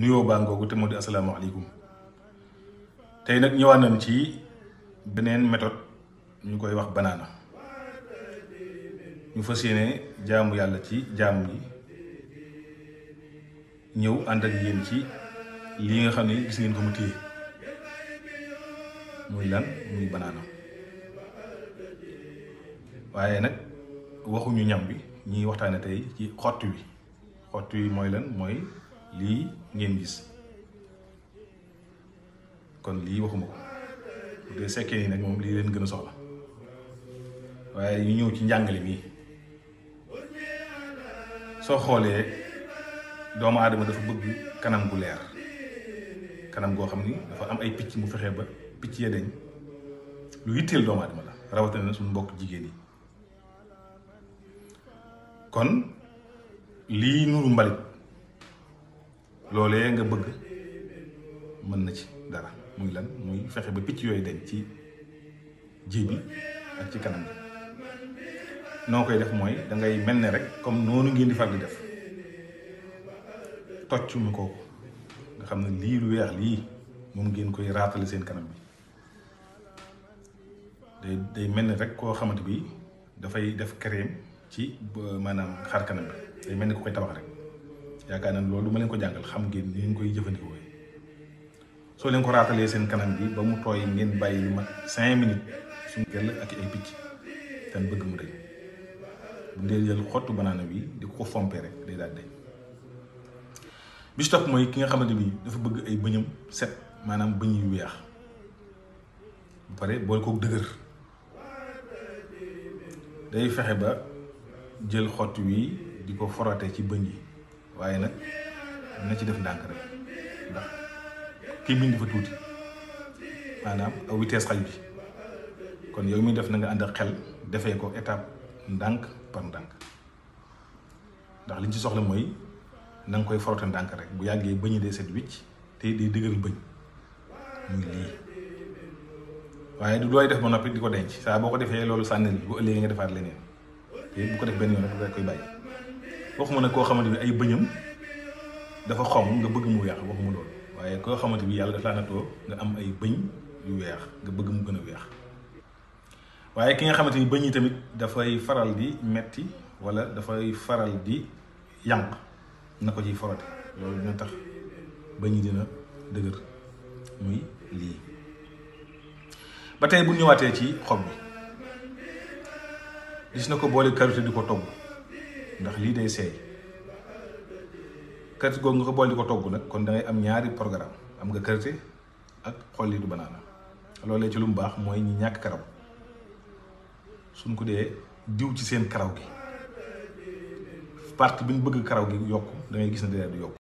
nuyoo baa ngoogu te moo di asalaamaaleykum tey nag ñëwaat nañ ci beneen méthode ñu koy wax banaana ñu fas yéene jaamu yàlla ci jaamu yi ñëw ànd ak yéen ci lii nga xam ne gis ngeen ko mu téye muy lan muy banaana waaye nag waxuñu ñam bi ñuy waxtaane tey ci xott wi xott wi mooy lan mooy lii ngeen gis kon lii waxuma ko bu dee sekkee yi nag moom lii leen gën a soxla waaye ñu ñëw ci njàngale mi soo xoolee doomu aadama dafa bëgg kanam gu leer kanam goo xam ni dafa am ay picc mu fexe ba picc ya lu yitteel doomu aadama la rawatina na suñu mbokk jigéen yi kon lii nuru mbalit loolee nga bëgg mën na ci dara muy lan muy fexe ba picc yooyu dañ ci ji ak ci kanam bi noo koy def mooy dangay mel ni rek comme noonu ngeen di far di def tocc mi ko nga xam ne lii lu weex lii moom ngeen koy raatale seen kanam bi day day mel ni rek koo xamante bi dafay def crème ci maanaam xar kanam bi day mel ni ku koy tabax rek. yaakaar naa loolu ma leen ko jàngal xam ngeen ni ñu koy jëfandikoo soo leen ko raatalee seen kanam bi ba mu tooy ngeen bàyyi lu mat cinq minutes suñu gell ak ay picc tan bëgg mu rëy bu ngeen jël xottu banana bi di ko fompe rek day daal day bi ci topp mooy ki nga xamante dafa bëgg ay bëñam set maanaam bëñ yu weex bu pare boole ko dëgër day fexe ba jël xott wi di ko forate ci bëñ yi waaye nag na ci def ndànk rek ndax kii bind dafa tuuti maanaam aw vitesse xaj kon yow mi def na nga ànd xel defee ko étape ndànk par ndànk ndax liñ ci soxla mooy na nga koy forote ndànk rek bu yàggee bëñ dee set wicc te day dëgëral bëñ muy lii waaye du looy def ba noppi di ko denc saa boo ko defee loolu sànnil bu ëllëgee nga defaat leneen te bu ko def benn yoon rek koy bàyyi waxuma nag koo xamante ni ay bëñam dafa xom nga bëgg mu weex waxuma loolu waaye koo xamante ni yàlla dafa laa natoo nga am ay bëñ yu weex nga bëgg mu gën a weex waaye ki nga xamante ni bëñ yi tamit dafay faral di metti wala dafay faral di yànq na ko ci forote loolu dina tax bëñ yi dina dëgër muy lii ba tey bu ñëwaatee ci xob bi gis na ko boole karité di ko togg ndax lii day seey karité googu nga ko boole li ko togg nag kon da am ñaari programme am nga karité ak xolli du banaana loolee ci lu mu baax mooy ñi ñàkk karaw suñ ko dee diw ci seen karaw gi partie bi ñu bëgg karaw gi yokk da gis ne deret du yokk